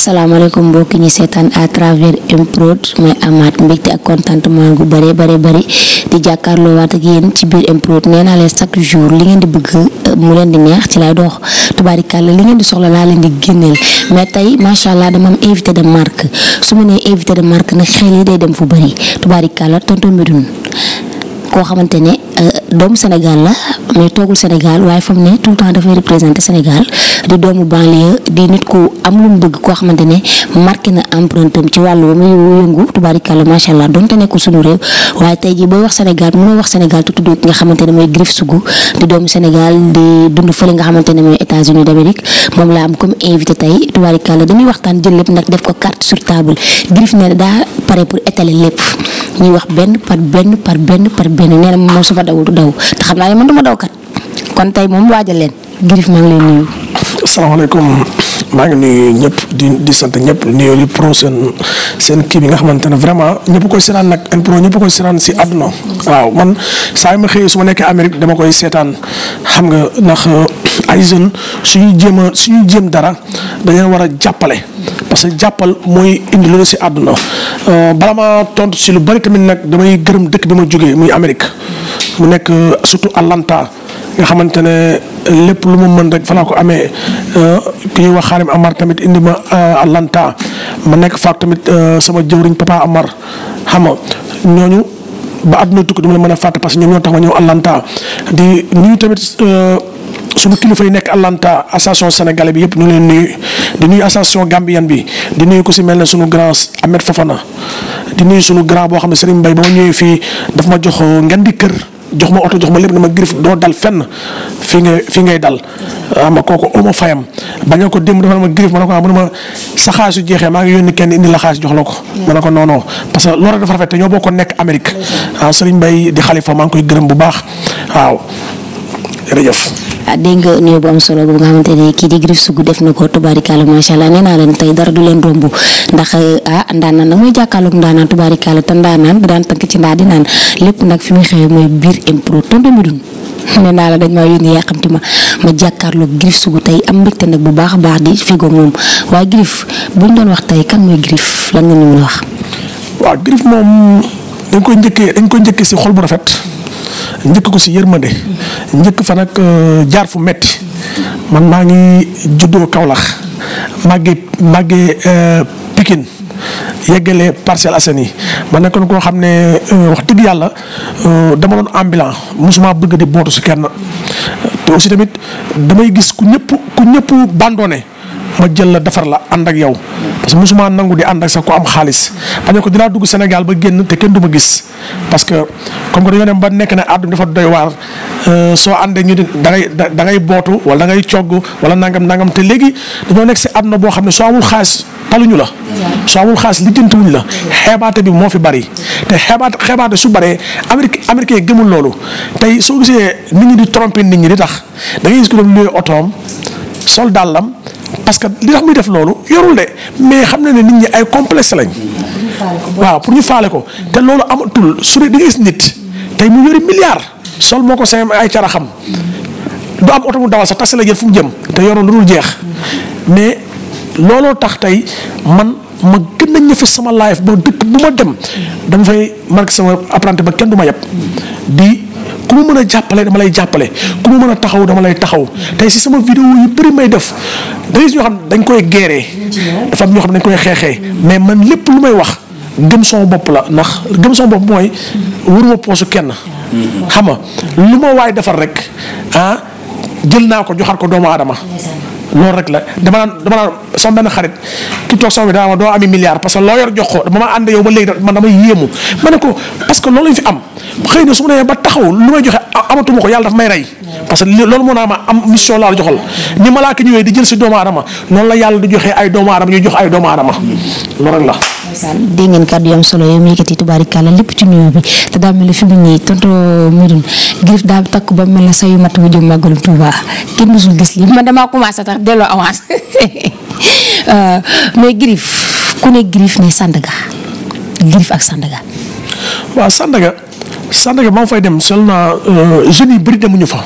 salaamaaleykum mbokki ñi seetaan à travers Mprod may amaat mbégte ak contentement gu bare bare bëri di jàkkaarloo waat ak yéen ci biir Mprod nee naa leen chaque jour li ngeen di bëgg euh, mu leen di neex ci lay dox tubaarikàlla li ngeen di soxla laa leen di génneel mais tey macha allah dama am invité de marque su ma nee invité de marque nag xel yi day dem fu bëri tubaarikàlla tonton Médoune koo xamante ne euh, doomu Sénégal la mais toogul Sénégal waaye fa ne tout temps dafay représenter Sénégal di doomu banlieue di nit ku am lu mu bëgg koo xamante ne marqué na empreinte am ci wàllu ba muy yëngu tubaarikàlla macha allah donte nekkul suñu réew waaye tey jii booy wax Sénégal mënoo wax Sénégal te tuddoo ki nga xamante ne mooy Griff Sougou di doomu Sénégal di dund fële nga xamante mooy États-Unis d'Amérique moom laa am comme invité tey tubaarikàlla dañuy waxtaan jël lépp nag def ko carte sur table Griff ne daa pare pour étaler lépp ñuy wax benn par benn par benn par benn nee na moom su ma dawul du daw te man du ma daw kat kon tey moom waajal leen maa ngi lay ñëpp di di sant ñëpp nuyu li seen kii bi nga xamante ne vraiment ñëpp koy seetaan nag en pro ñëpp koy si àdduna. waaw saa ma su ma nekkee Amérique dama koy seetaan xam nga ndax euh, ay jeunes suñuy jéem a suñuy dara dañu war a jàppale parce que jàppal mooy indi loolu si àdduna Euh, bala maa tontu si lu bari tamit nag damay gërëm dëkk bi ma jógee muy Amérique mu nekk euh, surtout Atlanta nga xamante ne lépp lu ma mën rek fa laa ko amee euh, ki ñuy wax xaarim Amar tamit indi ma Atlanta ma nekk faak tamit sama jëwriñ papa Amar xam nga ñooñu ba àdduna tukki du ma la mën a fàtte parce que ñoom ñoo tax ma ñëw Atlanta di nuyu tamit suñu kilifa yi nekk Atlanta association sénégalais bi yëpp ñu leen nuyu di nuyu association gambienne bi di nuyu ko si mel ne sunu grand Ahmed Fofana di nuyu sunu grand boo xam ne Serigne Mbaye ba ma ñëwee fii daf ma jox ngeen di kër jox ma oto jox ma lépp dama griffe doo dal fenn fii ngay fii ngay dal ama ah, kooku oma fayam bañ a ko démb dafa ma griffe ma ne ah, ma sa xaalis jeexee maa ngi yónni kenn indi la xaalis jox la ko. ma ne ko non non parce que loolu dafa rafet te ñoo bokkoon nekk Amérique. Mm-hmm. ah Serigne Mbaye di xalifa maa ngi koy gërëm bu baax waaw. jërëjëf. ah dégg nga néew bu am solo bu nga xamante ne kii di Griff Sougou def na ko tubaarikàlla macha allah nee naa leen tey dara du leen romb ndax ah ndaanaan nag mooy jàkkaarloog ndaanaan tubaarikàlla te ndaanaan bu daan tënk ci ndaa di naan lépp nag fi muy xewee mooy biir impro tontu mi dun nee naa la dañ maa yónni yaa xamti ma ma jàkkaarloog Griff Sougou tey am mbégte nag bu baax a baax di figoog moom waaye Griff buñ doon wax tey kan mooy Griff la nga ñu mën a dañ koy njëkkee dañ koy njëkkee si xol bu rafet njëkk ko si yërmande njëkk fa nag euh, jaar fu metti man maa ngi juddoo Kaolack màggee màggee euh, Pikine yeggale Parcelles Assainies ma nekkoon koo xam ne euh, wax dëgg yàlla dama doon ambulant mosuma bëgg di bootu si kenn te aussi tamit damay gis ku ñëpp ku ñëpp bandone ma jël la defar la ànd ak yow parce que mosuma nangu di ànd ak sax ko am xaalis ma ne ko dinaa dugg Sénégal ba génn te kenn du ma gis parce que comme que dañoo dem ba nekk na àdduna dafa doy waar euh, soo àndee ñu di da ngay bootu wala da ngay cogg wala nangam nangam te léegi dañoo nekk si àdduna boo xam ne soo amul xaalis taluñu la. soo amul xaalis lijjantiwuñ la xeebaate bi moo fi bari te xeebaate xeebaate su baree Amérique Amérique yi gëmul loolu tey soo gisee nit ñi di tromper nit ñi di tax da ngay gis ko dem luy parce que li tax muy def loolu yorul de mais xam na ne nit ñi ay complexe lañ. waaw pour ñu faale ko. te loolu amatul su dee da nga nit. tey mu yori milliard. sol moo ko seen ay cara xam. du am oto mu dawal sax taxi la jël fu mu jëm. te yoroon lu dul jeex. mais looloo tax tey man ma gën na ñëfe sama life ba dëkk bu ma dem. dama fay marqué sama apprenti ba kenn du ma yeb. ku ma mën a jàppale dama lay jàppale ku ma mën a taxaw dama lay taxaw tey si sama vidéo yu bëri may def da gis ñoo xam dañ koy géeree dafa am ñoo xam dañ koy xeexee mais man lépp lu may wax gëm sama bopp la ndax gëm sama bopp mooy waruma poosu kenn xam nga lu ma waay defar rek ah jël naa ko joxaat ko doomu aadama loolu rek la dama naan dama naan sama benn xarit ki toog sama bi daa ma doo ami milliard parce que loo yor jox ko ba ma ànd yow ba léegi man dama yéemu ma ne loolu lañ fi am xëy na su ma nee ba taxaw lu may joxe amatuma ko yàlla daf may rey parce que loolu moo naa ma am mission laa la joxal ni malaaka ñëwee di jël si doomu aadama noonu la yàlla di joxe ay doomu aadama ñuy jox ay doomu aadama loolu rek la dégg ngeen kàddu yi am solo yow mi yëkkati tubaarikàlla lépp ci nuyoo bi te daa mel ne fi mu nii tonto Medoune Griff daa takk ba mel ne sayu mat wu jëm màggalu Tuuba kenn musul gis li man damaa commencé tax delloo avance euh, mais Griff ku ne Griff ne Sandaga Griff ak Sandaga waaw Sandaga Sandaga ba ma fay dem sol na euh, jeunes yi bëri demuñu fa.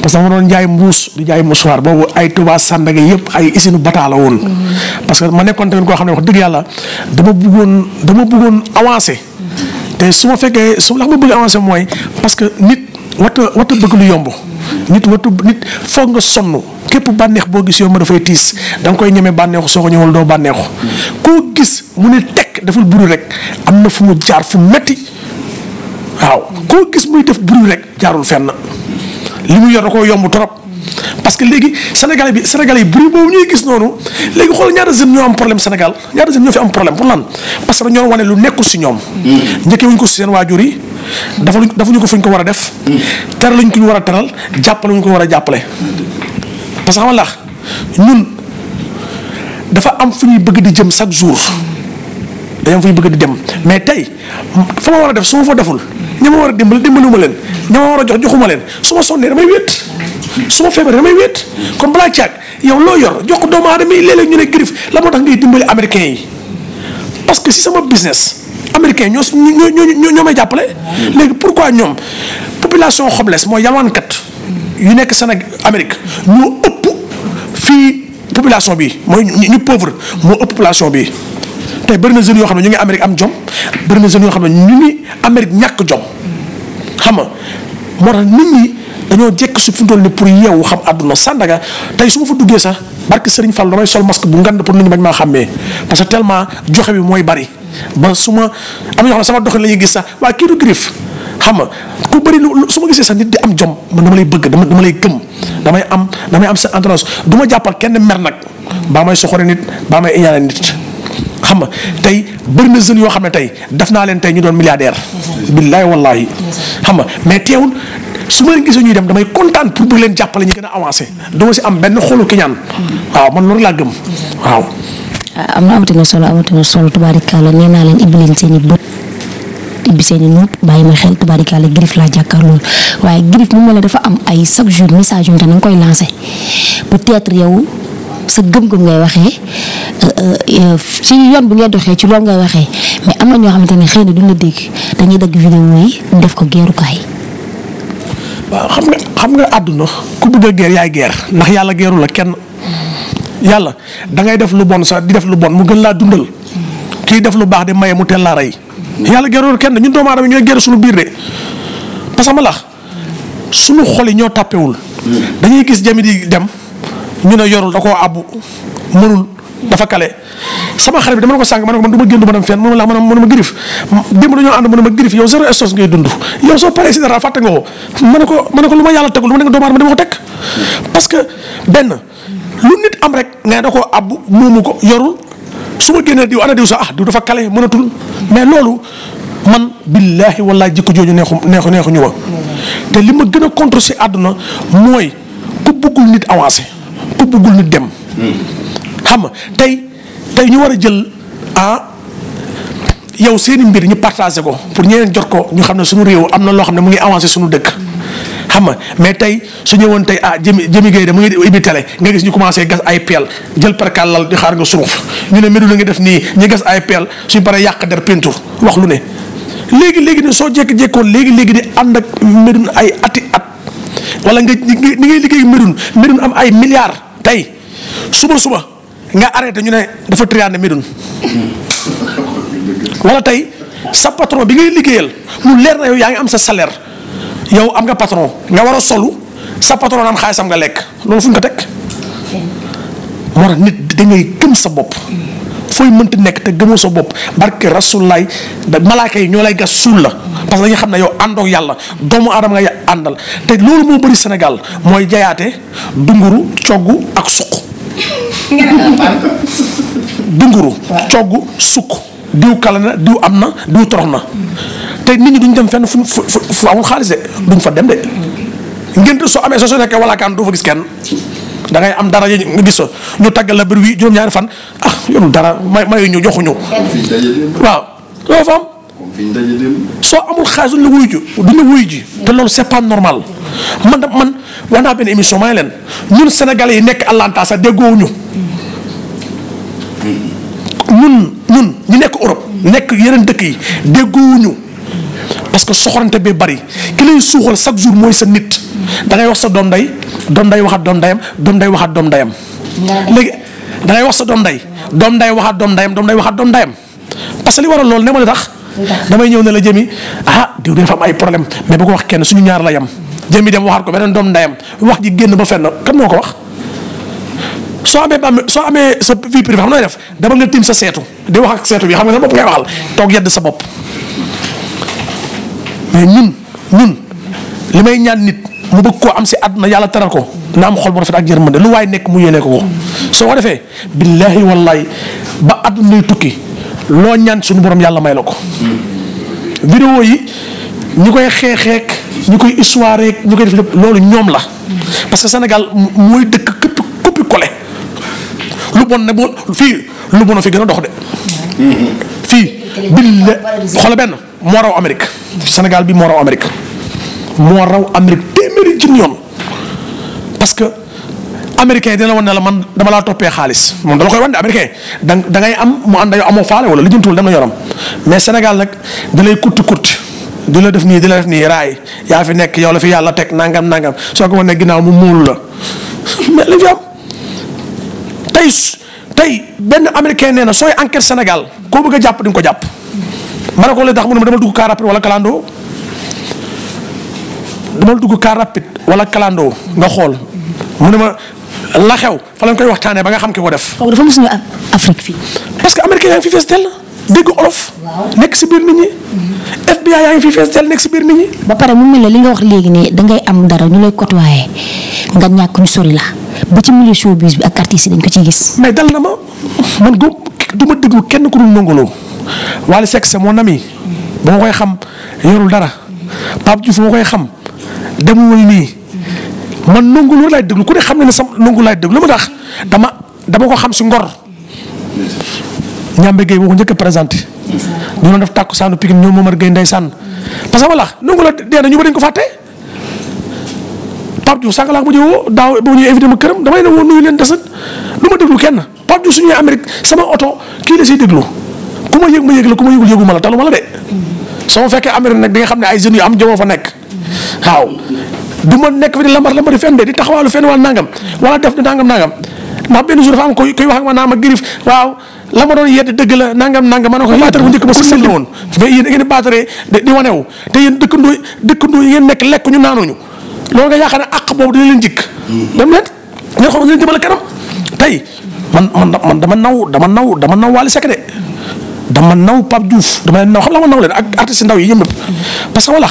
parce que ma doon jaay mbuus di jaay mouchoir boobu ay Touba Sandaga yëpp ay usine bataa la woon. parce que ma nekkoon tamit koo xam ne wax dëgg yàlla dama bëggoon dama bëggoon avancé. te su ma fekkee su lax ma bëgg avancé mooy parce que nit warut a warut a bëgg lu yomb. nit watu nit foog nga sonn képp bànneex boo gis yow ma dafay tiis danga koy ñeme bànneexu soo ko ñëwul doo bànneexu koo gis mu ne tekk deful buru rek am na fu mu jaar fu metti waaw koo gis muy def bruit rek jaarul fenn li mu yor koo yomb trop parce que léegi Sénégal bi Sénégal yi bruit boobu ñuy gis noonu léegi xool ñaata jeunes ñoo am problème Sénégal ñaata jeunes ñoo fi am problème pour lan parce que ñoo wane lu nekkul si ñoom. Hmm. njëkkee wuñ ko si seen waajur yi dafa luñ dafa ñu ko fuñ ko war a def. Hmm. teral luñ ko ñu war a teral jàppale wuñ ko war a jàppale. parce que xam nga ñun dafa am fu ñuy bëgg di jëm chaque jour. dañoo fay bëgg di dem mais tey fa ma war a def su ma fa deful ña ma war a dimbali dimbaluma leen ña ma war a jox joxuma leen su ma sonnee damay wéet su ma feebaree damay wéet comme balaa caag yow loo yor jox ko doomu aadama yi léeg ñu ne griffe la moo tax ngay dimbali américain yi parce que si sama business américain ñoo ñoo ñoo ñoo may jàppale. léegi pourquoi ñoom population xobles mooy yalwaankat yu nekk Sénégal Amérique ñoo ëpp fii population bi mooy ñu pauvre moo ëpp population bi. tey bëri na jeunes yoo xam ne ñu ngi Amérique am jom bëri na jeunes yoo xam ne ñu ngi Amérique ñàkk jom xam nga moo tax nit ñi dañoo jekk su fi mu toll nii pour yeewu xam àdduna Sandaga tey su ma fa duggee sax barke Serigne fal damay sol masque bu ngand pour nit ñi bañ maa xàmmee parce que telement joxe bi mooy bari ba su ma am yoo xam ne sama doxalin la ñuy gis sax waa kii du griffe xam nga ku bëri lu su ma gisee sax nit di am jom man dama lay bëgg dama dama lay gëm damay am damay am sa entourage du ma jàppal kenn mer nag baa may soxore n baa may iñaane nit. xam nga tey bëri na jeunes yoo xam ne tey daf naa leen tey ñu doon milliardaire. billaay wallaay. xam nga mais teewul su ma gisee ñuy dem damay kontaan pour bëgg leen jàppale ñu gën a avancé dama si am benn xolu ki ñaan. waaw man loolu laa gëm. waaw. Ah, am na amatina solo amatina solo tubaarikàlla nee naa leen ibbi leen seen i bët. ibbi seen i nopp bàyyi ma xel tubaarikàlla Griff laa jàkkaarloo waaye Griff mu mel ne dafa am ay chaque jour message yu nga koy lancé peut-être yow. sa gëm-gëm ngay waxee euh, euh, euh, ci yoon bi ngay doxee ci loolu ngay waxee mais am na ñoo xamante ne xëy na duñ la dégg dañuy dagg vidéo yi def ko geerukaay. waaw xam nga xam nga àdduna ku bëgg a geer yaay geer ndax yàlla geeru la kenn yàlla da ngay def lu bon sax di def lu bon mu gën laa dundal kii def lu baax di maye mu teel laa rey yàlla geeru kenn ñun doomu aadama ñooy geer suñu biir de parce ma lax suñu xol yi ñoo tàppewul hmm. dañuy gis jamit yi dem. ñu ne yorul da koo àbbu mënul dafa kale sama xarit bi dama ko sàng ne ko man du ma ma dem fenn mënu ma la mënu ma griffe ko ma ne ko ma ne ko parce que benn lu am rek nga da koo àbbu moomu ko yorul su ma génnee diw ana diw sax ah diw dafa kale mënatul mais loolu man billaahi wallaahi jikko jooju neexu neexu neexu ñu te li ma gën a contre si àdduna mooy ku bëggul nit avancé ëppagul nit dem. xam nga tey tey ñu war a jël ah yow seeni mbir ñu partagé ko pour ñeneen jot ko ñu xam ne suñu réew am na loo xam ne mu ngi avancé suñu dëkk. xam nga mais tey su woon tey ah jëm jëmi Gueye de mu ngi ibi télé nga gis ñu commencé gas ay peel jël perkàllal di xaar nga suruf ñu ne Médoune la nga def nii ñu gas ay peel suñu paree yàq der peinture wax lu ne. léegi léegi ne soo jékki-jékkoon léegi léegi di ànd ak Médoune ay ati at wala nga ni ngay liggéey Médoune Médoune am ay milliards. tey suba suba nga arrêté ñu ne dafa triande Médoune wala tey sa patron bi ngay liggéeyal mu leer na yow yaa ngi am sa salaire yow am nga patron nga war a solu sa patron am sam nga lekk loolu fu ñu ko teg moo tax nit da ngay gëm sa bopp. fooy mënti nekk te gëmoo sa bopp barke rasulaay da malaaka yi ñoo lay gas suul la parce que dañu xam ne yow àndoog yàlla doomu aadama nga àndal te loolu moo bëri Sénégal mooy jayaate dunguru coggu ak suq dunguru coggu sukk diw kala na diw am na diw torox na te nit ñi duñ dem fenn fu fu amul xaalis de duñ fa dem de ngénte soo amee soo soo nekkee walla kaan doo fa gis kenn da ngay am dara nga gis ñu tàggal la bër wi juróom-ñaari fan ah yoonu dara may mayu ñu joxuñu. waaw loolu fa soo amul xaalis duñ la wuyu ji duñ la te loolu c'est pas normal man da man wax naa benn émission maa ngi leen ñun Sénégalais yi nekk Atlanta sa déggoowuñu mun mun ñu nekk Europe nekk yeneen dëkk yi déggoowuñu parce que soxorante bee bari ki lay suuxal chaque jour mooy sa nit da ngay wax sa doom day doom day waxaat doom dayam doom day waxaat doom dayam. léegi da ngay wax sa doom day. doom day waxaat doom dayam doom day waxaat doom dayam parce que li waral loolu ne ma la tax. damay ñëw ne la jëmi ah diw dafa am ay problème mais bu ko wax kenn suñu ñaar la yem. jëmi dem waxaat ko beneen doom ndayam wax ji génn ba fenn kan moo ko wax soo amee ba soo amee sa vie privée xam def dama nga tim sa seetu di wax ak seetu bi xam nga sa bopp ngay waxal toog yedd sa bopp mais ñun li may ñaan nit. mu bëgg koo am si àdduna yàlla teral ko na am xol bu rafet ak yërmande lu waaye nekk mu yéene ko ko soo ko defee billaahi wallaahi ba àdduna tukki loo ñaan suñu borom yàlla may la ko. vidéo yi ñu koy xeexeek ñu koy histoire ñu koy def lépp loolu ñoom la parce que Sénégal mooy dëkk këpp këppi kole lu bon ne boo fii lu bon fi gën a dox de. fii bil la xool benn moo raw Amérique Sénégal bi moo raw Amérique. moo raw Amérique téeméeri junni yoon parce que américain yi dina la wan ne la man dama laa toppee xaalis moom dama koy wan ne américain da da am mu ànd amoo faale wala lijjantul dem na yoram mais Sénégal nag da lay kurti kurti di la def nii di la def yaa fi nekk yow la yàlla teg nangam nangam soo ko wane ginnaaw mu muulu la mais li fi am tey tey benn américain nee na sooy enquête Sénégal koo bëgg a jàpp di ko jàpp. ma ne ko lay tax mu ne dama dugg car rapide wala kalandoo noonu dugg car rapide wala kalandoo nga xool mu ne ma la xew fa lañ koy waxtaanee ba nga xam ki ko def. xaw dafa mos nga Afrique fii. que américain yaa ngi fi fees dell dégg olof. nekk si biir nit ñi. Mhm. yaa ngi fi fees dell si biir nit ba pare mu mel ne li nga wax léegi ne dangay am dara ñu lay côtoyer nga ñàkk ñu sori la ba ci mu showbiz bi ak artistes yi dañ ko ciy gis. mais dal na ma man góob du ma déglu kenn ku dul nongoloo Wally Seck moo mon ami. Mhm. ba ma koy xam yorul dara mhm. Pape Diouf ma koy xam. demul nii man nangu loolu laay déglu ku ne xam ne ne sama nangu laay déglu lu mu tax dama dama ko xam si ngor. Ñambe Gueye boo ko njëkk présenté. ñu doon def tàkkusaanu Pikine ñoom Momar Gueye ndeysaan parce que xam nga la nangu la dee ñu ba dañ ko fàtte. Pape Diouf laa ko mujjee woo boo ñëwee invité ma këram damay ne woo nuyu leen desat lu ma déglu kenn Pape su ñu nee Amérique sama oto kii la siy déglu ku ma yëg ma yëg la ku ma yëgul yëgu ma la talu ma la de. soo fekkee Amérique nag di nga xam ne ay jeunes yu am jëmoo fa nekk waaw du ma nekk fi di lambar lambari fenn de di taxawaalu fenn wala nangam wala def nangam nangam ndax benn jour dafa am koy koy wax ak ma naa ma girif waaw la ma doon dëgg la nangam nangam ma ne ko baatar bu njëkk ba sël la woon mais yéen da ngeen di baataree di wanewu te yéen dëkkandoo dëkkandoo yi ngeen nekk lekk ñu naanuñu loolu nga yaakaar ne àq boobu dina leen jikk dem leen ngeen xool ngeen jëmale kanam tey man man dama naw dama naw dama naw Wally Seck de dama naw Pape Diouf dama leen naw xam la ma naw leen ak artiste ndaw yi yëpp parce que wala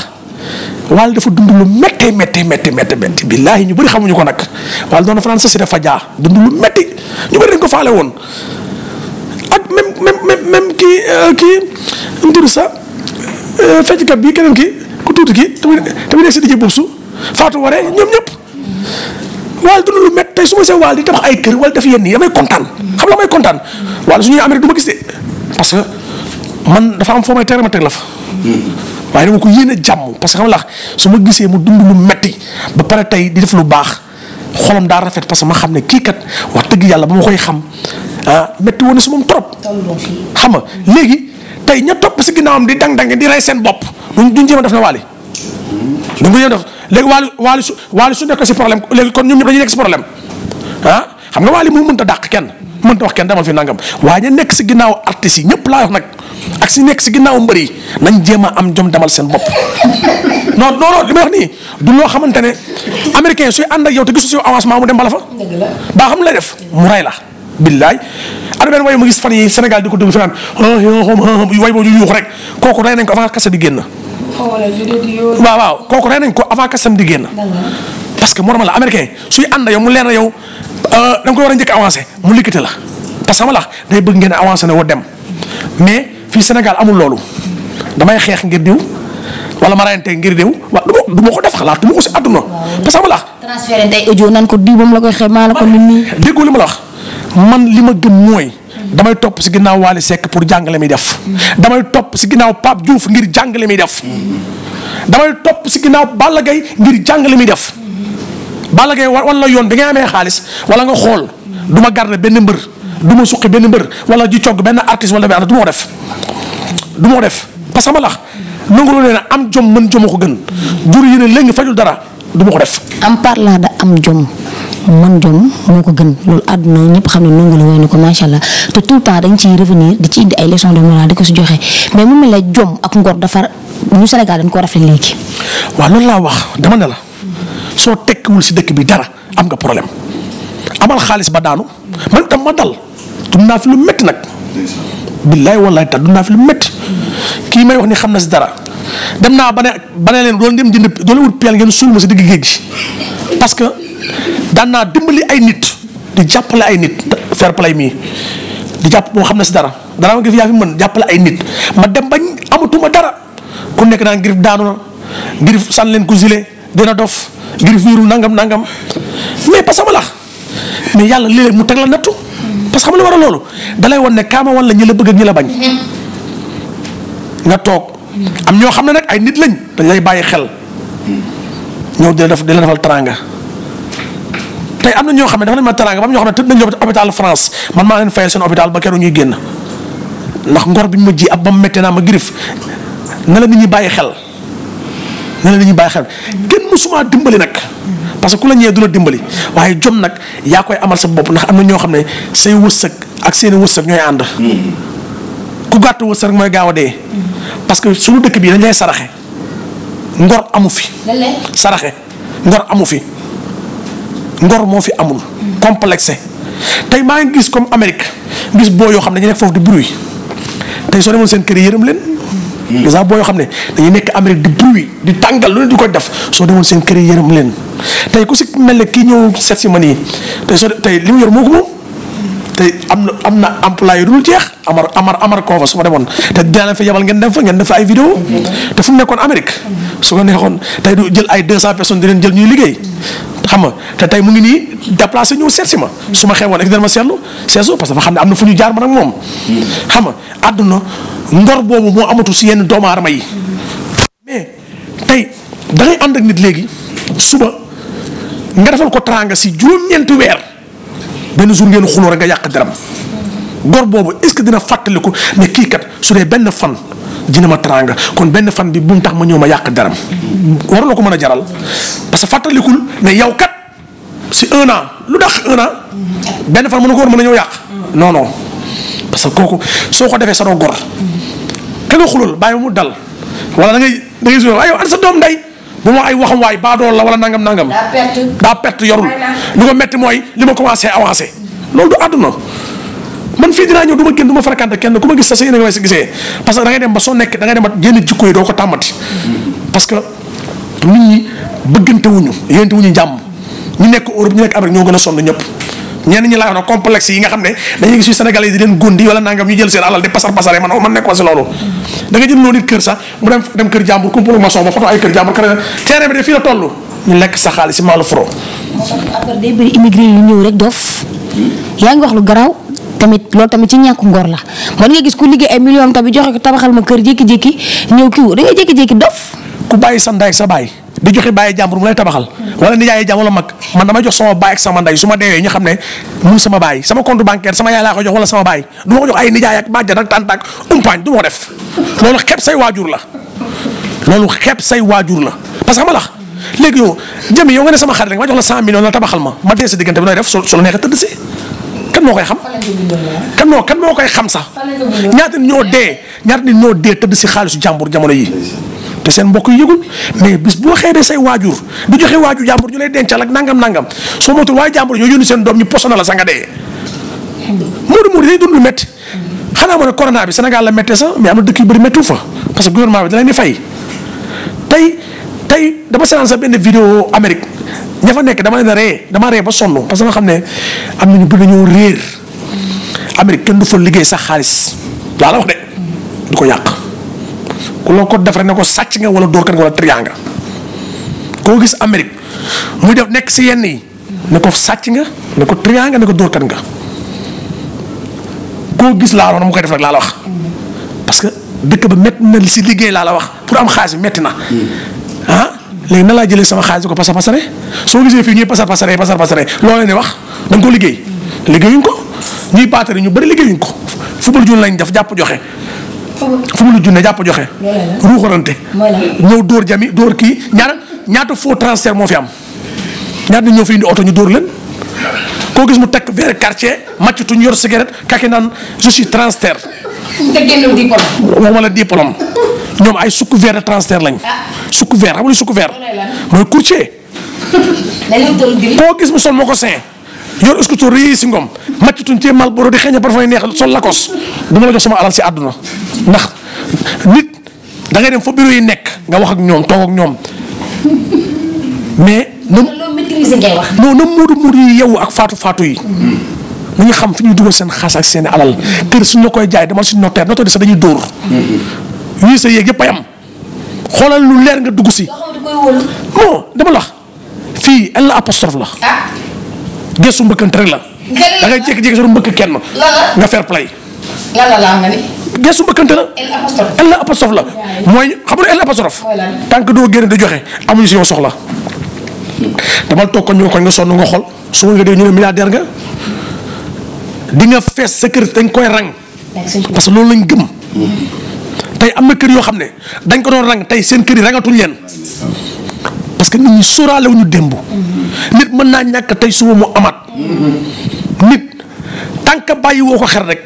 Wally dafa dund lu méttee méttee méttee méttee méttee billaahi ñu bëri xamuñu ko nag Wally doon na fanaan sa si dafa jaa dund lu métti ñu bëri dañ ko faale woon ak même même même kii euh, kii ndur sa euh, fecckat bi keneen ki ku tuuti ki tamit tamit nekk si dijee boobu su faatu waree ñoom ñëpp Wally dund lu mett tey su ma see Wally di tabax ay kër wal def yenn yi damay kontaan xam la may kontaan Wally su ñuy Amérique du ma gis de parce que man dafa am foo may teer ma teg la waaye dama ko yéene jàmm parce que xam nga su ma gisee mu dund lu metti ba pare tey di def lu baax xolam daa rafet parce que ma xam ne kii kat wax dëgg yàlla ba ma koy xam ah metti woon na si moom trop. xam nga léegi tey ña topp si ginnaawam di dang di rey seen bopp duñ duñ jéem a def na waale. duñ ko jéem def léegi su waale su nekk si problème léegi kon ñoom ñëpp dañuy nekk si problème ah xam nga waale mu mënta dàq kenn mënta wax kenn demal fi nangam waaye ña nekk si ginnaaw artistes yi ñëpp laa wax nag ak si nekk si ginnaaw mbër yi nañ jéem a am jom demal seen bopp non non non li nii du loo xamante ne américain suy ànd ak yow avancement mu dem bala fa. baa xam lay def la. billaay am na mu gis fan yi Sénégal di ko déglu fi naan ah yoo rek kooku rey nañ ko avant kase di génn. waaw waaw kooku rey nañ ko avant kase di génn. parce que morom la américain suy ànd mu leer na yow euh, da nga koy war a njëkk avancé mu liggéey la parce que xam nga day bëgg ngeen a avancé ne woo dem mais. fii Sénégal amul loolu damay xeex ngir diw wala ma rayante ngir diw waaw du ma ko def xalaatuma ko si àdduna. parce ma la wax. nan ko diw ba mu la koy xeeb maa la ko nit ñi. déggoo li ma la wax man li ma gëm mooy. damay topp si ginnaaw waal Seck pour jàngale muy def. damay topp si ginnaaw Pape Diouf ngir jàngale muy def. damay topp si ginnaaw Balla Gaye ngir jàngale muy def. Balla Gaye wan la yoon bi nga amee xaalis wala nga xool du ma garder benn mbër. du ma suqi benn mbër wala ji cogg benn artiste wala benn du ma ko def du ma ko def parce que ma lax nangaloo nee na am jom mën jom ko gën jur yi ne léegi fajul dara du ko def. am parlant de am jom mën jom moo ko gën loolu àdduna ñëpp xam ne nangu la woy na ko macha allah te tout le temps dañ ciy revenir di ci indi ay leçons de morale di ko si joxe mais mu mel ne jom ak ngor dafa ñu Sénégal dañ ko rafet léegi. waaw loolu laa wax dama ne la soo tekkiwul si dëkk bi dara am nga problème. amal xaalis ba daanu man itam ma dal dund naa fi lu métti nag. billaay wallaay tax dund naa fi lu métti kii may wax ni xam na si dara dem naa ba ne ba ne leen doon dem jënd doon wut peel ngeen suul que daan naa dimbali ay nit jàppale ay nit fair play mii di jàpp boo xam ne si dara dara ma ngi fi yaa fi mën jàppale ay nit ma dem bañ amatuma dara ku nekk naa ngir daanu na ngir sànni leen ko zile dina dof ngir wiiru nangam nangam mais pas sama mais yàlla léeg mu teg la nattu. parce que la nga lu war a loolu dalay wan ne kaama wan la ñi la bëgg ak ñi la bañ. nga toog am ñoo xam ne nag ay nit lañ dañ lay bàyyi xel. ñoo di la def di la defal teraanga tey am na ñoo xam ne dafa nañ ma teraanga ba am ñoo xam ne te nañ ñëw hôpital France man maa leen fayal seen hôpital ba keroog ñuy génn ndax ngor bi ñu ma ji am ba mu mettee naa ma girif na la nit ñi bàyyi xel ne la nit ñi bàyyi xel kenn mësuma dimbali nag. parce que ku la ñee du la dimbali waaye jom nag yaa koy amal sa bopp ndax am na ñoo xam ne say wërsëg ak seeni wërsëg ñooy ànd. Mm-hmm. ku gàtt wërsëg mooy gaaw a dee. Mm-hmm. parce que suñu dëkk bii dañ lay saraxe ngor amu fi. saraxe ngor amu fi ngor moo fi amul. Mm-hmm. complexe tey maa ngi gis comme Amérique gis boo yoo xam ne dañ nekk foofu di bruit tey soo demoon seen kër yërëm leen. gis mm. boo yoo xam ne dañu nekk Amérique di bruit di tàngal lu ne di ko def soo demoon seen kër yi yërëm leen tey ku si mel ne kii ñëw seet si man yi tey soo tey li mu yor moo ko moom tey am na am na employé yu dul jeex amar amar amar koo fa su ma demoon te dinaa leen fa yebal ngeen dem fa ngeen def ay vidéo mm. te fu mu nekkoon Amérique su ko neexoon tey du jël ay 200 personnes di leen jël ñuy liggéey. xam nga te tey mu ngi nii déplacé ñëw seet si ma su ma xewoon rek dana ma seetlu seetlu parce que dafa xam ne am na fu ñu jaar man ak moom xam nga àdduna ngor boobu moo amatu si yenn doomu mais tey da ngay ànd ak nit léegi suba nga defal ko teraanga si juróom-ñeenti weer benn jour ngeen xuloo rek nga yàq deram ngor boobu est-ce que dina fàttaliku ne kii kat su dee benn fan dina ma teraanga kon benn fan bi bu mu tax ma ñëw ma yàq daram war na ko mën a jaral parce que fàttalikul mais yow kat si un lu tax un benn fan mën na ko war mën a ñëw yàq. non non parce que kooku soo ko defee sa doo gor. ka nga bàyyi mu dal wala da ngay da ngay sa doom ndey bu ma ay waxam waay baa dool la wala nangam nangam. daa perte daa perte yorul. lu ko métti mooy li ma commencé avancé loolu du àdduna. man fii dinaa ñëw du ma kenn du ma fréquenté kenn ku ma gis sa sa yéen gisee parce que da dem ba soo nekk da dem jikko yi doo ko tàmmati parce que nit ñi bëggante wuñu yénte wuñu jàmm ñu nekk Europe ñu nekk Amérique ñoo gën a sonn ñëpp ñenn ñi laa wax na complexe yi nga xam ne dañuy gis Sénégalais yi di leen góondi wala nangam ñu jël seen alal di pasar pasare man man nekk ma si loolu da nga jël noonu nit kër sax mu dem dem kër jàmbur kumpul ma la toll ñu tamit loolu tamit ci ñàkk ngor la man nga gis ku liggéey ay millions tamit joxe ko tabaxal ma kër jékki-jékki ñëw kii wu da ngay jékki-jékki dof. ku bàyyi sa ndey sa baay di joxe bàyyi jàmbur mu tabaxal. wala ni yaayee jàmbur la mag man damay jox sama baay ak ndey su ma deewee ñu xam ne mun sama baay sama compte bancaire sama yaay laa ko jox wala baay du jox ay nijaay ak bàjjan ak tànt ak umpaañ du ma def loolu xeeb say waajur la loolu xeeb say waajur la parce que xam nga lax léegi yow jëmi yow nga ne sama xarit rek ma jox tabaxal ma ma dee sa diggante bi nooy def soo soo neexee tëdd si moo koy xam. kan moo kan moo koy xam sax. ñaata ñoo dee ñaata nit ñoo dee tëdd si xaalisu jàmbur jamono yi te seen mbokk yi yëgul mais bis boo xeebee say waajur di joxe waajur jàmbur ñu lay dencal ak nangam nangam soo moytuwul waaye jàmbur ñoo yónni seen doom ñu posona la sa nga dee. Moodu Moodu day dund lu métti xanaa ma ne corona bi Sénégal la méttee sax mais am na dëkk yu bëri méttu fa parce que gouvernement bi da leen fay tey tey dama seetaan sa benn vidéo Amérique ña fa nekk dama leen ree dama ree ba sonn parce que ma xam ne am nañu bëri dañoo réer Amérique kenn du fa liggéey sax xaalis laa la wax de du ko yàq ku loo ko def rek ne ko sàcc nga wala dóorkat nga wala koo gis Amérique muy def nekk si yenn yi ne ko sàcc nga ne ko trianga ne ko gis laa wax na mu koy def rek laa la wax parce que dëkk ba métti na si liggéey laa la wax pour am xaalis bi métti na. ah léegi na laa jëlee sama xaalis di ko pasar pasare soo gisee fii ñuy pasar pasare pasar pasare loo leen di wax da ko liggéey liggéeyuñ ko ñuy paatari ñu bëri liggéeyuñ ko fubal jun lañ def jàpp joxe. fubal junne jàpp joxe. ruuxarante ñëw dóor jami dóor kii ñaar ñaata foo transfert moo fi am ñaata ñoo fi indi oto ñu dóor leen. koo gis mu takk vers quartier màccatuñ yor cigarette kake naan je suis transfert. te génn diplôme. ñoom ay sukk vert lañ. Ah. sukk vert xam nga sukk vert. mooy courtier. koo gis mu sol moo ko sañ. yor escouteur rëy si ngom màccatuñ cee Malboro di xeeñ a parfum neex sol Lacoste du ma la jox sama alal si àdduna ndax nit da ngay dem fa bureau yi nekk nga wax ak ñoom toog ak ñoom mais. na loo maîtriser na muudu muudu yi yow ak faatu faatu yi. Hmm. na ñu xam fi ñuy dugal seen xaas ak seen alal kër suñ la koy jaay dama si notaire notaire di sax dañuy dóor. wii sa yéeg yëpp ay am xoolal lu leer nga dugg si. non dama la wax ah. fii al la apostrophe la. gëstu mbëkkante rek la. da ngay jékki-jékki sa mbëkk kenn. nga fair play. lan la laa nga ni. gëstu mbëkkante la. al la la. mooy xam nga al apostrophe. tant que doo génne di joxe amuñu si yow soxla. damal toog koñ bi nga koñ nga sonn nga xool su nga dee ñu ne milliardaire nga di fees sa kër dañ koy rang parce que loolu lañ gëm. Mm-hmm. tey am na kër yoo xam ne dañ ko doon rang tey seen kër yi rangatuñ leen parce que nit ñi sóoraale wu ñu démb. nit mën naa ñàkk tey suma mu amaat. nit tànk bàyyi woo ko xel rek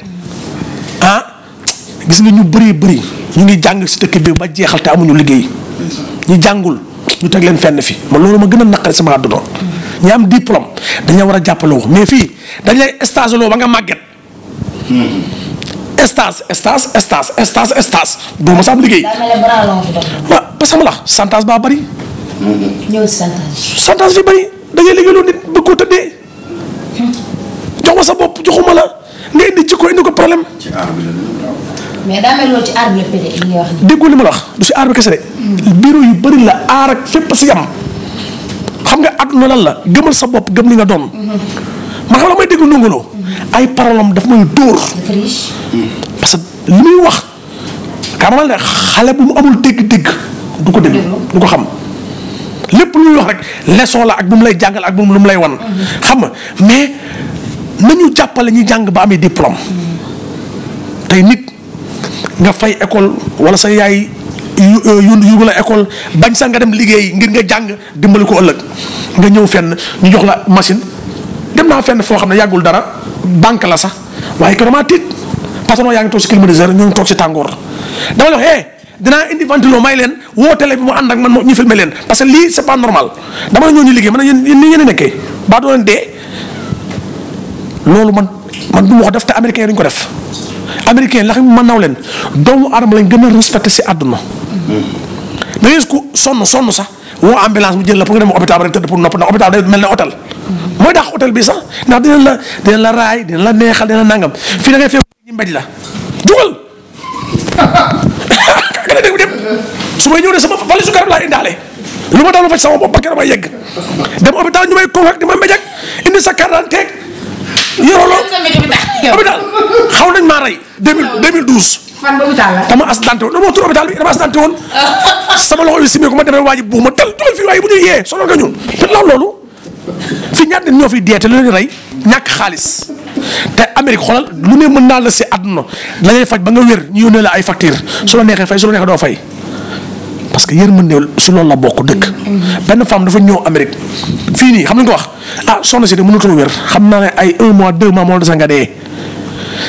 ah gis nga ñu bëri bëri ñu ngi jàng si dëkk bi ba jeexal te amuñu liggéey. ñu jàngul ñu teg leen fenn fi man loolu ma gën a naqari sama àdduna. ñi am diplôme dañoo war a jàppaloo mais fii dañ lay stage loo ba nga màgget. stage stage stage stage stage doo ma liggéey. waaw parce que ma la chantage baa bëri. Mm-hmm. ñëw si chantage. chantage fi bëri da ngay liggéeyaloon nit bëgg tëddee. Hmm. jox sa bopp joxuma la nga indi ci ko indi ko problème. li nga wax. déggoo li ma la du si aar bi de. Hmm. bureau yu bëri la aar ak fépp si yam. xam nga àdduna lan la gëmal sa bopp gëm li nga doon. Hmm. man xam la may déglu ndongolo. ay parolam daf may dóor. parce que muy wax. kaamal xale bu mu amul dégg-dégg. du ko dégg du ko xam. lépp lu ñuy wax rek leçon la ak bu mu lay jàngal ak bu mu lay wan. xam nga mais nañu jàppale ñu jàng ba amee diplôme. tey nit nga fay école wala sa yaay yu euh, yu la école bañ sax nga dem liggéey ngir nga jàng dimbali ko ëllëg nga ñëw fenn ñu jox la machine. dem naa fenn foo xam ne yàggul dara banque la sax waaye que dama tiit patron yaa ngi toog si climatiseur ñoo ngi toog si tàngoor dama jox eh dinaa indi ventilo leen woo bi mu ànd ak man ñu filmer leen parce que lii c'est pas ñoo ñu liggéey man ne yéen nii ngeen nekkee baa doo man man du ma ko def te américain duñ ko def américain la xam man naw leen doomu aadama lañ gën a respecté si àdduna da ngeen ko sonn sonn sax. woo ambulance mu jël la pour nga dem hôpital ba dem tëdd pour mooy dàq hôtel bi sax ndax dina la dina la raay dina la neexal dina la nangam fii da ngay fekk ñu mbéj la jugal. nga ne dégg dem su may ñëw de sama fali su garab laa indaale lu ma daal lu faj sama bopp ba keroog may yegg dem hôpital ñu may ko ak di ma mbéj ak indi sa carte d'identité yoroo loo hôpital xaw nañ maa rey 2012. fan ba hôpital la. dama accidenté woon dama tur hôpital bi dama woon sama loxo bi simee ko ma demee waa ji buux ma tal tal fii waaye bu ñuy yee sonal nga ñun te loolu fi ñaar nit ñoo fiy dee te lu leen rey ñàkk xaalis te Amérique xoolal lu ne mën naa la si àdduna la ngay faj ba nga wér ñu yónnee la ay facture su la neexee fay su la neexee doo fay parce que mën yërmande su loolu la bokk dëkk. benn femme dafa ñëw Amérique fii nii xam nga ko wax ah soxna si de mënatoo wér xam naa ne ay un mois deux mois moo des nga dee.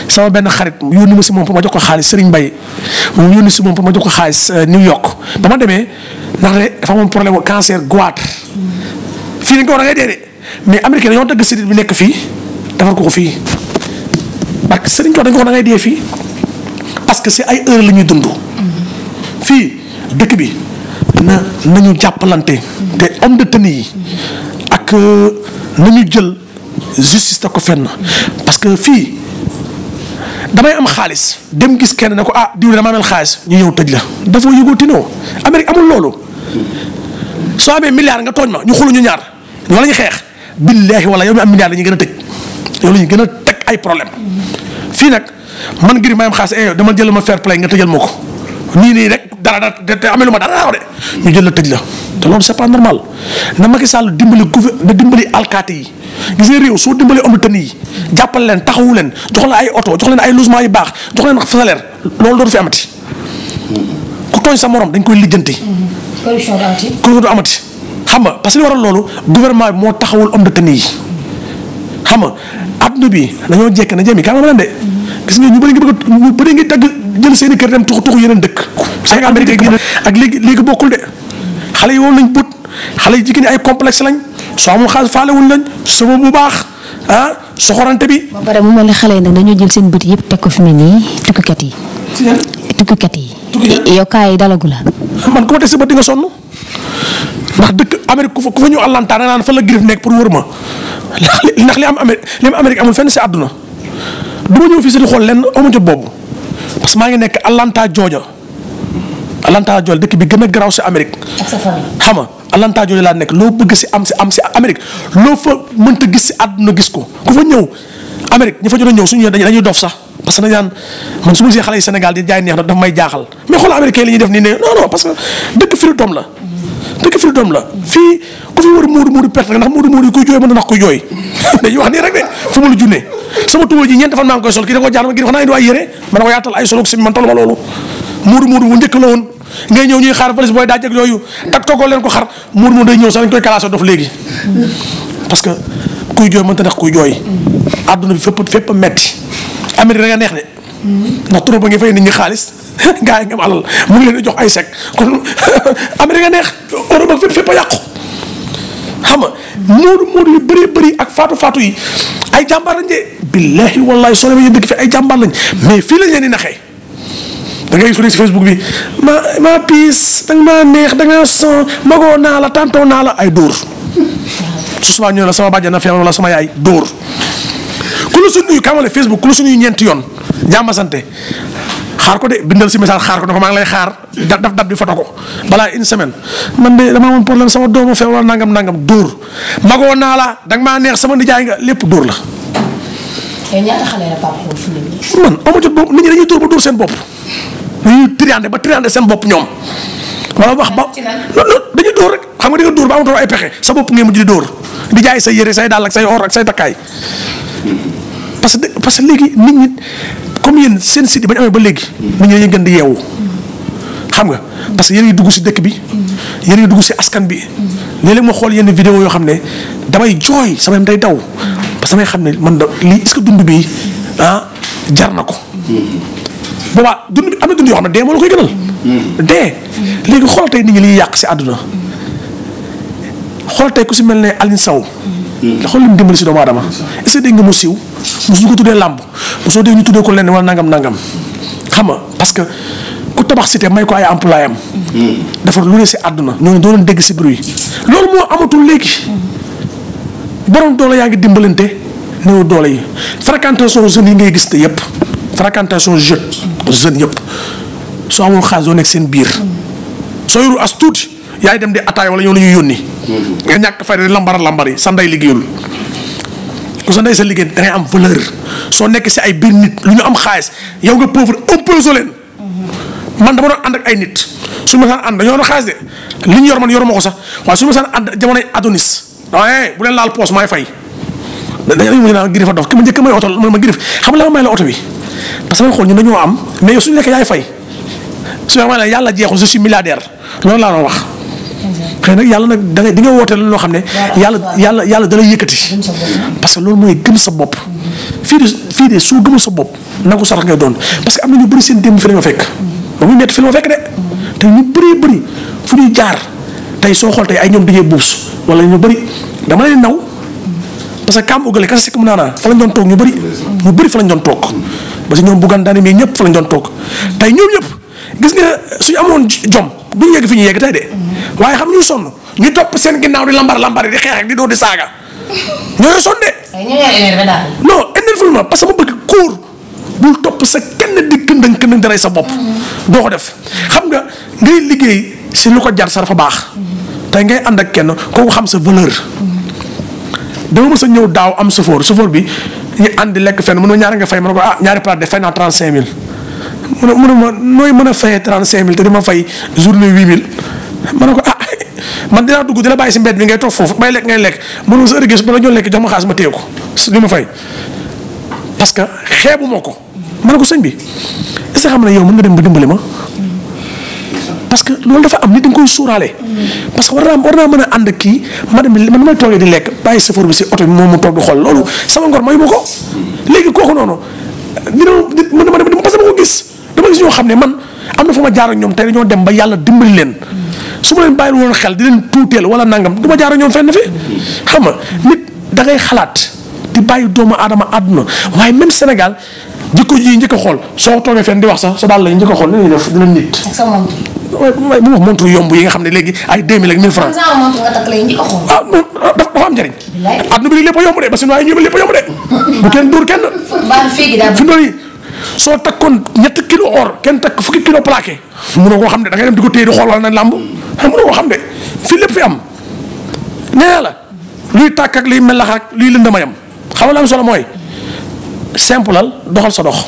sama benn xarit yónni ma si moom pour ma jox ko xaalis Serigne Mbaye mu yónni si moom pour ma jox ko xaalis euh, New York ba ma demee ndax de dafa amoon problème mu cancer goitre fii dañ ko war a ngay dee de mais américain dañoo dëgg sëriñ bi nekk fii defar ko ko fii parce que sëriñ ko dañ ko war a fii parce que c'est ay heure la ñuy dund. fii dëkk bi na nañu jàppalante te homme de tenue yi ak euh, nañu jël justice te ko fenn parce que fii. damay am xaalis dem gis kenn ne ko ah diw damaa mel xaalis ñu ñëw tëj la dafa yëgoo tinoo Amérique amul loolu soo amee milliard nga tooñ ma ñu xulu ñu ñaar ñoo ñu xeex billaahi wala yow mi am milliard dañuy gën a tëj yow la ñu gën a teg ay problème fii nag man ngir may am xaalis eh, dama jël ma fair play nga tëjal ma ko nii nii rek dara dara te amelu ma dara ñu jël la tëj la te loolu c'est pas normal na Macky Sall dimbali gouver dimbali alkaati yi gis nga réew soo dimbali homme de tenue yi jàppal leen taxawu leen jox leen ay oto jox leen ay logement yu baax jox leen salaire loolu dootu fi amati. ku tooñ sa morom dañ koy lijjanti. corruption du amati. corruption du amati xam nga parce que li loolu gouvernement bi moo taxawul homme de tenue yi xam nga adduna bi dañoo jekk na jëmi kaama ma leen de. gis nga ñu bëri nga bëgg ñu nga dagg jël seen i kër dem tuxu tuxu yeneen dëkk. ak Amérique ak léegi léegi bokkul de xale yi woon lañ bët xale yi jigéen ñi ay complexe lañ soo amul xaalis faale wuñ lañ sama bu baax ah. soxorante bi. ba pare mu ma ni xale yi nag dañoo jël seen bët yëpp teg ko fi mu ne nii tukkikat yi. si yan tukkikat yi. yow yi dalagu la. man ku ma teg sa bët di nga sonn ndax dëkk Amérique ku fa ku fa allantaa allantaan naan fa la griffe nekk pour wër ma ndax li am Amérique li am Amérique amul fenn si àdduna du ma ñëw fii si di xool lenn amu boobu parce maa ngi nekk allantaa jooja. Atlanta Jolie dëkk bi gën a garaaw si Amérique. ak sa laa nekk loo bëgg si am si am si Amérique loo fa mënta gis si àdduna gis ko ku fa ñëw Amérique ñu fa jot a ñëw sax. parce que dañu naan man su ma di jaay neex na daf may jaaxal mais xoolal américain li ne non non que dëkk fii ku fi wër muudu muudu perte ndax muudu muudu kuy jooy kuy jooy dañuy wax nii mu la junnee sama tubaab koy sol kii da koo jaar ma kii dafa naa indi yére ma ne ko yaatal ay solo si man tollu ma loolu muudu muudu bu njëkk la woon. ngay ñëw ñuy xaar valise booy daaj ak yooyu takk ko leen ko xar muur moom day ñëw parce que kuy jooy mënta neex kuy àdduna bi fépp fépp a metti Amérique neex de. ndax ba ngi fay nit ñi xaalis gars yi nga am alal jox ay sec kon Amérique da nga neex xam nga moodu moodu yu bëree bëri ak faatu faatu yi ay jàmbaar lañ de. billaahi wallaahi soo demee ñu dëkk fi ay jàmbaar lañ mais fii lañ leen di naxee. dangay ngay gis si Facebook bi ma maa piis da nga maa neex da son magoo naa la tantoo naa la ay dóor su subaa ñu na la sama bàjjen na feebar wala sama yaay dóor ku la suñuy kamale Facebook ku la suñuy ñeenti yoon jàmm sante xaar ko de bindal si message xaar ko dafa ko maa ngi lay xaar daf dab bi foto ko balaa une semaine man de dama amoon problème sama doomu feebar nangam nangam dóor magoo naa la da nga maa neex sama nijaay nga lépp dóor la. man amu jot bopp seen bopp. dañuy triandé ba triandé seen bopp ñoom. wala wax ba dañuy dóor rek xam nga di nga dóor ba amatoo ay pexe sa bopp ngay mujj di dóor di jaay say yére say dàll ak say or ak say takkaay. parce que parce que léegi nit ñi comme yéen seen site ba ñu amee ba léegi. nit ñi dañuy gën di yeewu. xam nga parce que yéen dugg si dëkk bi. yéen dugg si askan bi. léeg-léeg ma xool yenn vidéo yoo xam ne damay jooy sama yam day daw parce que damay xam ne man da lii est-ce dund bi ah jar na ko. boobaa dund bi am na dund yoo xam ne dee moo la koy gënal. Hmm. dee léegi xool tey nit ñi liy yàq si àdduna. xool ku si mel ne Alioune Sow. Hmm. xool li mu dimbali si doomu aadama. est-ce que mu siiw mosu ñu ko tuddee làmb soo dégg ñu tuddee ko lenn wala nangam nangam. xam nga parce que ku tabax si te may ko ay employé am. Hmm. dafa lu ne si àdduna. ñooñu doo leen dégg si bruit loolu moo amatul léegi. borom doole yaa ngi dimbalante néew doole yi fréquentation jeunes yi ngay gis te yëpp fréquentation ñëpp jeune ñëpp soo amul xaalis doo nekk seen biir soo yorul as tuuti yaay dem de ataay wala ñoo la ñuy yónni. nga ñàkk fay lambar yi sa ndey liggéeyul sa ndey sa am valeur soo nekk si ay biir nit lu am xaalis yow nga pauvre man dama doon nit su ma saan ànd dañoo doon xaalis de li ñu yor man yoruma ko sax waaye su ma saan ànd jamonoy adonis waaye eh, bu leen laal poos maay fay dañu ma naan girif a dof ki ma njëkk may oto ma girif xam la ma may la oto bi. parce que man xool ñu dañoo am mais yow suñu lekk yaay fay su ma ne yàlla jeexul je suis milliardaire loolu laa doon wax. xëy nag yàlla nag da ngay di nga woote loo xam ne. yàlla yàlla yàlla da lay yëkkati. parce que loolu mooy gëm sa bopp. fii de fii de soo gëmul sa bopp nangu sarax ngay doon parce que am na ñu bëri seen démb fi la fekk. ba muy métti fi la ma fekk de. te ñu bëree bëri fu ñuy jaar tey soo xool tey ay ñoom diggee buus wala ñu bëri dama lay naw. parce que Kamb Ogale kese sikkum naanaa fa lañ doon ñu bëri ñu bëri fa lañ doon toog parce que ñoom buggaan daani mais ñëpp fa lañ doon toog tey ñoom ñëpp gis nga suñu amoon jom duñ yegg fi ñu yegg tey de waaye xam ñu sonn ñu topp seen ginaaw di lambar lambar yi di xeex di dóor di saaga ñooñu sonn de. ñu non énervé ma parce que bëgg kóor bul topp sa kenn di këndëng këndëng daray sa bopp. doo ko def xam nga ngay liggéey si lu ko jar sa dafa baax. tey ngay ànd ak kenn kooku xam sa valeur. dama mës a ñëw daaw am chauffeur chauffeur bi ñu ànd lekk fen mu ne ñaari nga fay ma ne ko ah ñaari plat de fay naa 35000 mu ne ma nooy mën a fayee 35000 te dama fay journée 8000 ma ne ko ah man dinaa dugg di la bàyyi si mbedd bi ngay foofu bay lekk ngay lekk mënul sa ërgés jox ma xaalis ma téye ko li ma fay parce que xeebu moo ko ma ne ko sëñ bi est xam na yow mën nga dem ba dimbali ma. parce que loolu dafa am nit da koy suuraale. parce que war naa war a ànd ak kii ma dem di lekk bàyyi chauffeur bi si oto bi moom mu toog di xool ko. léegi kooku noonu dina ma dama xam ne man am na fu jaar ñoom tey dañoo dem ba yàlla dimbali leen. su ma leen xel di leen tuuteel wala nangam du jaar ak ñoom fenn xam nga nit da ngay xalaat di bàyyi doomu aadama àdduna waaye même Sénégal jikko ji njëkk xool soo toogee fenn di wax sax sa daal la njëkk a xool li ñuy def dina nit. waaye a bu yomb yi nga xam ne léegi ay 2000 ak 1000 francs. ah non ah, dafa am njëriñ. àdduna bi lépp a yomb de ba suñu waaye ñëw lépp a yomb de. bu kenn dóor kenn. fi mu soo takkoon ñett kilo or kenn takk fukki kilo plaqué. mënoo koo xam ne da dem di ko téye di xool wala na làmb ah, mënoo koo xam ne fii lépp fi am nee la luy tàkk ak luy melax ak luy lëndama yam xam nga am solo mooy simplal doxal sa dox.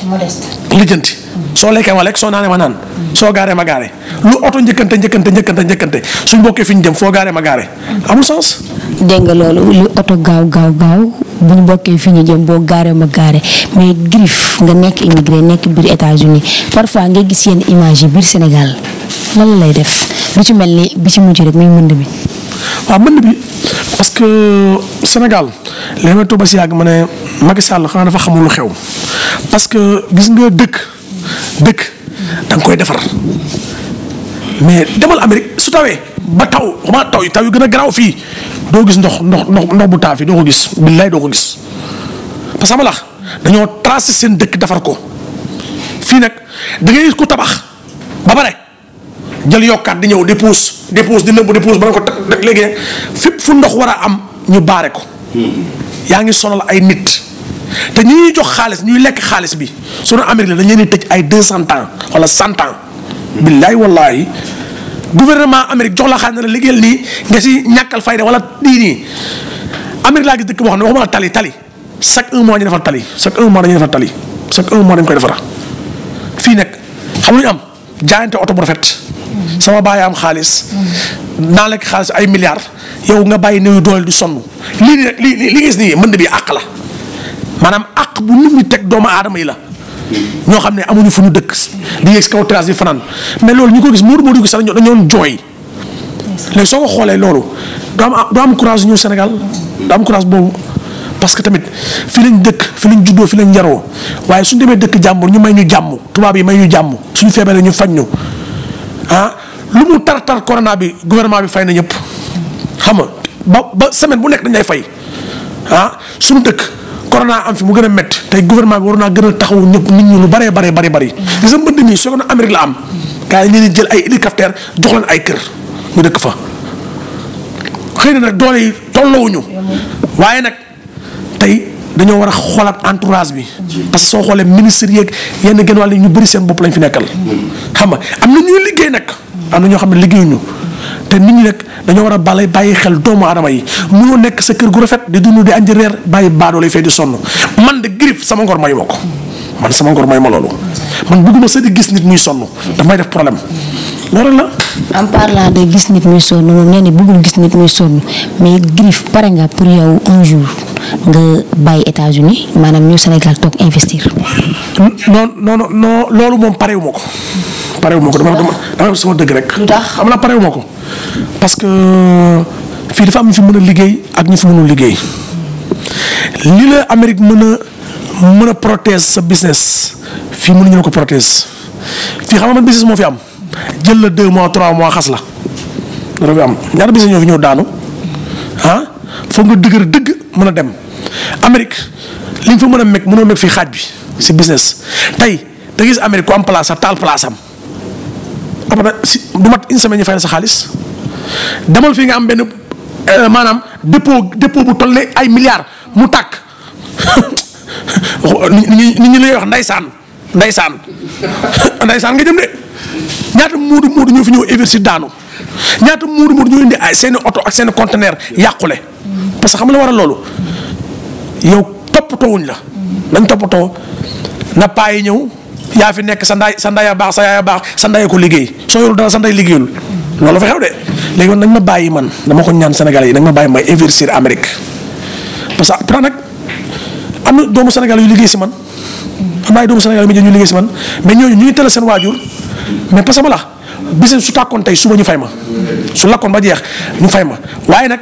lijjanti soo lekkee ma lekk soo naanee ma naan. soo gaaree ma gaaree. lu oto njëkkante njëkkante njëkkante njëkkante suñ bokkee fi ñu jëm foo gaaree ma gaaree. amul sens. dégg nga loolu lu oto gaaw gaaw gaaw fi ñu jëm boo gaaree ma gaaree mais Griff nga nekk immigré nekk biir États-Unis parfois nga gis yenn image yi biir Sénégal lan def bi ci mel ni bi ci mujj rek muy mënd mi. waaw mën bi parce que Sénégal li may toog ba si yàgg ma ne Macky Sall xanaa dafa xamul lu xew parce que gis nga dëkk dëkk da koy defar mais demal Amérique su tawee ba taw xamaa taw yi taw yu gën a garaaw fii doo gis ndox ndox ndox bu taa fii doo ko gis billaay doo ko gis parce que amalax dañoo tracé seen dëkk defar ko fii nag da ngay ko tabax ba pare jël yokkaat di ñëw di puus di puus di nëbbu di puus ba nga ko teg léegi nag fépp fu ndox war a am ñu baare ko. yaa ngi sonal ay nit. te ñi ñuy jox xaalis ñuy lekk xaalis bi sunu Amérique la dañ leen di tëj ay deux cent ans wala cent ans. billaay wallaay gouvernement Amérique jox la xaalis na la liggéeyal nii nga si ñàkkal fayda wala lii nii Amérique laa gis dëkk boo xam ne waxuma la tali tali chaque un mois ñu defar tali chaque un mois dañuy defar tali chaque un mois dañ koy defara fii nag xam lu ñu am jaayante oto bu rafet sama baay am xaalis naa lekk xaalis ay milliards yow nga bàyyi néew doole du sonn lii nii rek lii lii li gis mën na bi àq la maanaam àq bu lu mu teg doomu aadama yi la ñoo xam ne amuñu fu ñu dëkk di yegg si kaw terrasse bi fanaan mais loolu ñu ko gis Modou Modou gis sax dañoon jooy léegi soo ko xoolee loolu doo am doo am courage ñëw Sénégal doo am courage boobu parce que tamit fi lañ dëkk fi lañ juddoo fi lañ yaroo waaye suñ demee dëkk jàmbur ñu may ñu jàmm tubaab yi may ñu jàmm suñu feebaree ñu faj ñu ah, lu mu tar tar corona bi gouvernement bi fay na ñëpp xam nga ba ba semaine bu nekk dañ lay fay ah suñu dëkk corona am fi mu gën a métti tey gouvernement bi war naa gën a taxawu ñëpp nit ñi lu bëree bëree bëri bëri. gis nga mbënd mi soo Amérique la am gars yi ñu jël ay hélicoptère jox leen ay kër ñu dëkk fa xëy na nag doole yi tolloowuñu waaye nag tey dañoo war a xoolaat entourage bi parce que soo xoolee ministre yeeg yenn genn wàll yi ñu bëri seen bopp lañ fi nekkal xam nga am na ñuy liggéey nag. am na ñoo xam ne liggéeyuñu te nit ñu nekk dañoo war a bale bàyyi xel doomu aadama yi munoo nekk sa kër gu rafet di dund di añji reer bàyyi baadoo lay fay di sonn man de Griff sama ngor may ma ko man sama ngor may ma loolu man bëgguma sa di gis nit muy sonn daf may def problème loolu na en parlant de gis nit muy sonn moom gis nit muy sonn mais Griff pare nga pour yow un nga bàyyi États-Unis maanaam ñu Sénégal toog investir. Hmm? non non loolu moom pareewu ma ko. pareewu ma ko dama dama dama sama dëgg rek. lu xam naa pareewu ma ko. parce que fii dafa am ñu fi mën a liggéey ak ñu fi mënul liggéey li la Amérique mën a mën a protéger sa business fii mënuñu la ko protéger fii xam nga man business moo fi am jël la deux mois trois mois xas la. dara fi am ñaata business ñoo fi ñëw daanu ah? foog nga dëgër dëgg mën a dem. Amérique li nga fa mën a meg mënoo meg fii xaaj bi si business tey da gis Amérique ku am place am taal place am après si du mat une semaine ñu fay sa xaalis demal fii nga am benn euh, maanaam dépôt dépôt bu toll ne ay milliards mu tàkk ni ñu lay wax ndeysaan ndeysaan ndeysaan nga jëm de ñaata muudu muudu ñoo fi ñëw investir daanu ñaata muudu muudu ñoo indi ay seen i oto ak seeni i yàqule parce que xam nga la war a loolu. yow toppatoo wuñ la dañ toppatoo na paa yi ñëw yaa fi nekk sa ndaay sa nday a baax sa yaay a baax sa ndaay ko liggéey soo yorul dara sa ndaay liggéeyul loolu fa xew de léegi man nañ ma bàyyi man dama ko ñaan senegal yi nañ ma bàyyi may investir Amérique parce que pourtant nag am na doomu Sénégal yu liggéey si man am na ay doomu Sénégal si man mais ñooñu ñu ngi tëral seen waajur mais parce que ma la bés su tàkkoon tey suba ñu fay ma su lakkoon ba jeex ñu fay ma waaye nag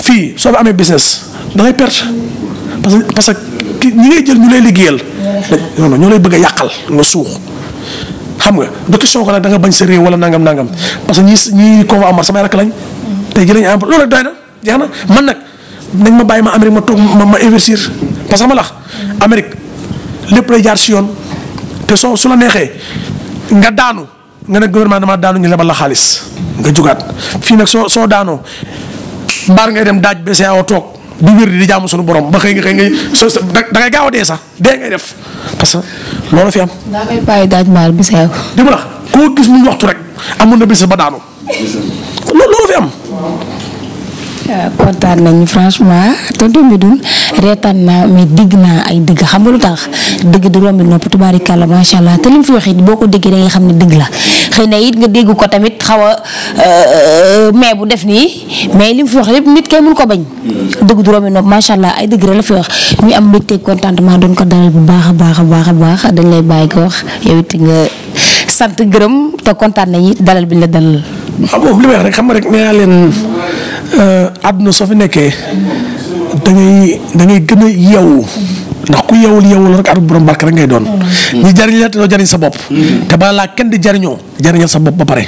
fii soo fi amee business da ngay parce que parce que ñi ngay jël ñu lay liggéeyal. non ñoo lay bëgg a yàqal nga suux. xam nga du question ko nag da nga bañ sa réew wala nangam nangam parce que ñi ñii ko amar samay rakk lañ. Mm-hmm. tey jii lañu am loolu doy na jeex na man nag nañ ma bàyyi ma Amérique ma toog ma ma investir parce que ma lax mm-hmm. Amérique lépp lay jaar si yoon te soo su la neexee nga daanu nga ne gouvernement dama daanu ngi lebal la xaalis nga jugaat fii nag soo soo daanoo mbaar ngay dem daaj BCEAO toog. di wér di jaamu suñu borom ba xëy nga xëy ngay soo sa da gaaw a dee sax dee ngay def parce que loolu fi am. daa ngay bàyyi daaj maal bi seew. di ma la koo gis muy waxtu rek amoon na bis ba daanu. loolu fi am. kontaan nañu franchement tonton Mbédoune reetaan naa mais dégg naa ay dëgg xam nga lu tax dëgg du romb nopp tubaarikàlla macha allah te li mu fi wax it boo ko déggee da nga xam ne dëgg la xëy na it nga dégg ko tamit xaw a euh, mais bu def nii mais li mu fi wax lépp nit kay mun ko bañ. dëgg du romb nopp macha allah ay dëgg rek la fi wax ñu am mbégte contentement doon ko dalal bu baax a baax a baax a baax dañ lay ko wax yow it nga sant gërëm te kontaan nañu dalal bi la dalal. waaw moom xam nga rek nee naa leen Euh, àdduna soo fi nekkee da ngay da ngay a yeewu ndax ku yeewul yeewul rek at borom barke rek ngay doon. Mm-hmm. ñi jariñ la te doo jariñ sa bopp. Mm-hmm. te balaa kenn di jariñoo jariñal sa bopp ba pare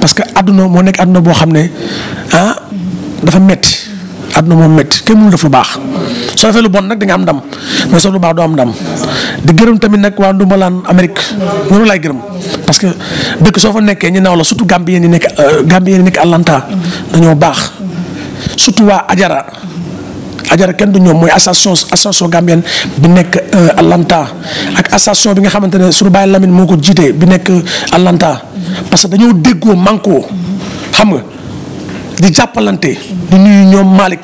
parce que àdduna moo nekk àdduna boo xam ne ah dafa metti àdduna moom métti kenn mënul def lu baax soo defee lu bon nag di am ndam mais solo lu baax doo am ndam di gërëm tamit nag waa Ndumbalaan Amérique noonu laay gërëm parce que dëkk soo fa nekkee ñu naaw la surtout Gambien yi nekk euh, Gambien yi nekk Atlanta dañoo baax surtout waa Ajara Ajara kenn du ñoom mooy association association gambienne bi nekk euh, Atlanta ak association bi nga xamante ne suñu bàyyi Lamine moo ko jiite bi nekk euh, Atlanta parce que dañoo déggoo manko xam nga. di jàppalante. di nuyu ñoom Malick.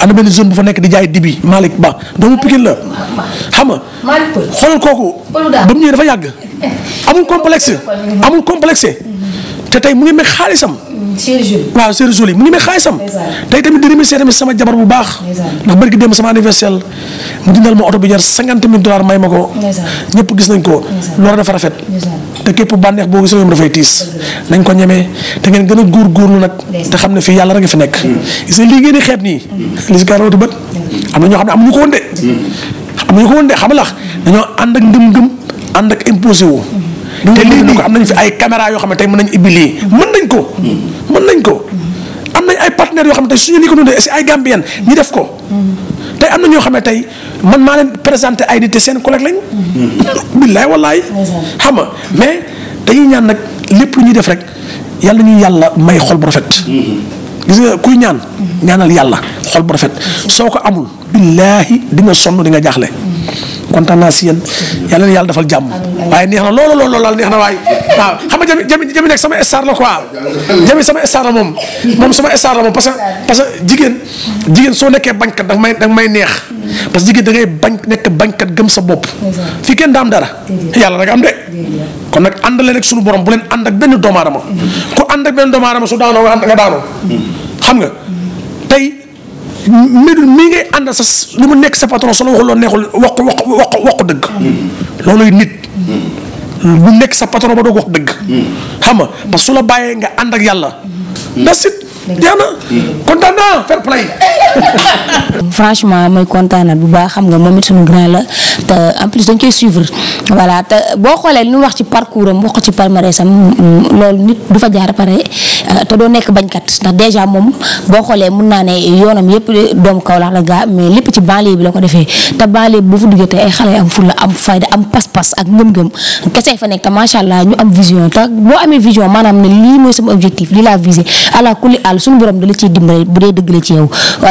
ana benn zone bu fa nekk di jaay dibi Malick Ba doomu Pikine la xam nga xoolal kooku ba mu ñëwee dafa yàgg amul complexe amul complexe te tey mu ngi meg xaalisam mm, waaw Serigne Jolie mu ngi meg xaalisam tey tamit di remercier tamit sama jabar bu baax ndax bërki dem sama anniversaire mu dindal ma oto bi jar cinquante mille may ma ko ñëpp gis nañ ko loolu dafa rafet te képp bànneex boo gis ñoom dafay nañ ko ñemee te ngeen gën a góorgóorlu nag te xam ne fi yàlla rek a fi nekk gis nga lii ngeen di xeeb nii li si karawati bët am na ñoo xam ne amuñu ko woon de amuñu ko woon la dañoo ànd ak ngëm-ngëm ànd ak imposé wu te lii nii ko am nañ fi ay caméra yoo xam ne tey mën nañ ibbi lii mën nañ ko mën nañ ko am nañ ay partenaires yoo xam ne tey suñu lii ko dundee si ay Gambien ñi def ko tey am na ñoo xam ne tey man maa leen présenté ay nit te seen collègue lañ. billaay wallaay. xam nga mais dañuy ñaan nag lépp lu ñuy def rek yàlla ñu yàlla may xol bu rafet. kuy ñaan ñaanal yàlla xol bu rafet soo ko amul billaahi di nga sonn di nga jaaxle kontaan naa si yéen yàlla yàlla dafal jàmm waaye neex na loolu loolu loolu neex na waaye waaw xam nga jami jami jami nekk sama star la quoi jami sama star la moom moom sama star la moom parce que parce que jigéen jigéen soo nekkee bañkat danga may danga may neex parce que jigéen da ngay bañ nekk bañkat gëm sa bopp. fi kenn daam dara. yàlla rek am de. kon nag àndale rek suñu borom bu leen ànd ak benn doomu ko mm-hmm. ku ànd ak benn doomu aadama su daanoo nga daanoo. Mm-hmm. xam nga tey mbir mi ngay ànd sa li mu nekk sa patron solo waxuloo neexul wax wax wax dëgg. Mm-hmm. looluy nit. bu nekk sa patron ba doog wax dëgg. xam na parce que su la bàyyee nga ànd ak yàlla. that's it jeex na kontaan naa bu baax xam nga moom it suñu la te en koy suivre voilà te boo xoolee li wax ci parcours am wax ko ci palmarès am loolu nit du fa jaar pare euh, te doo nekk bañkat ndax dèjà moom boo xoolee mun naa ne yoonam yëpp doomu Kaolack la gaa mais lépp ci banlieue bi la ko defee te banlieue bi bu fa duggee te ay xale am fulla am fayda am pas-pas ak ngëm-ngëm kese fa nekk te macha allah ñu am vision te boo amee vision maanaam ne lii mooy sama objectif lii laa visé ala kulli àll suñu borom dala ciy dimbale bu dee dëgg la ci yow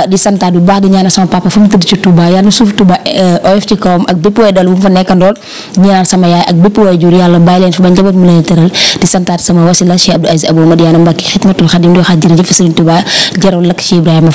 di santaat bu baax di ñaanal sama papa fu mu tëdd ci Touba yàlla suuf Touba eh, oyof ci kawam ak bépp way dal bu mu fa nekkandool di ñaanal sama yaay ak bépp way jur yàlla bàyyi leen fi ba njaboot mu leen tëral di santaat sama wasila Cheikh Abdou Aziz Abou Madiana Mbacke xitmatul xadim di waxaat jërëjëf Serigne Touba jaral lakk ci Ibrahima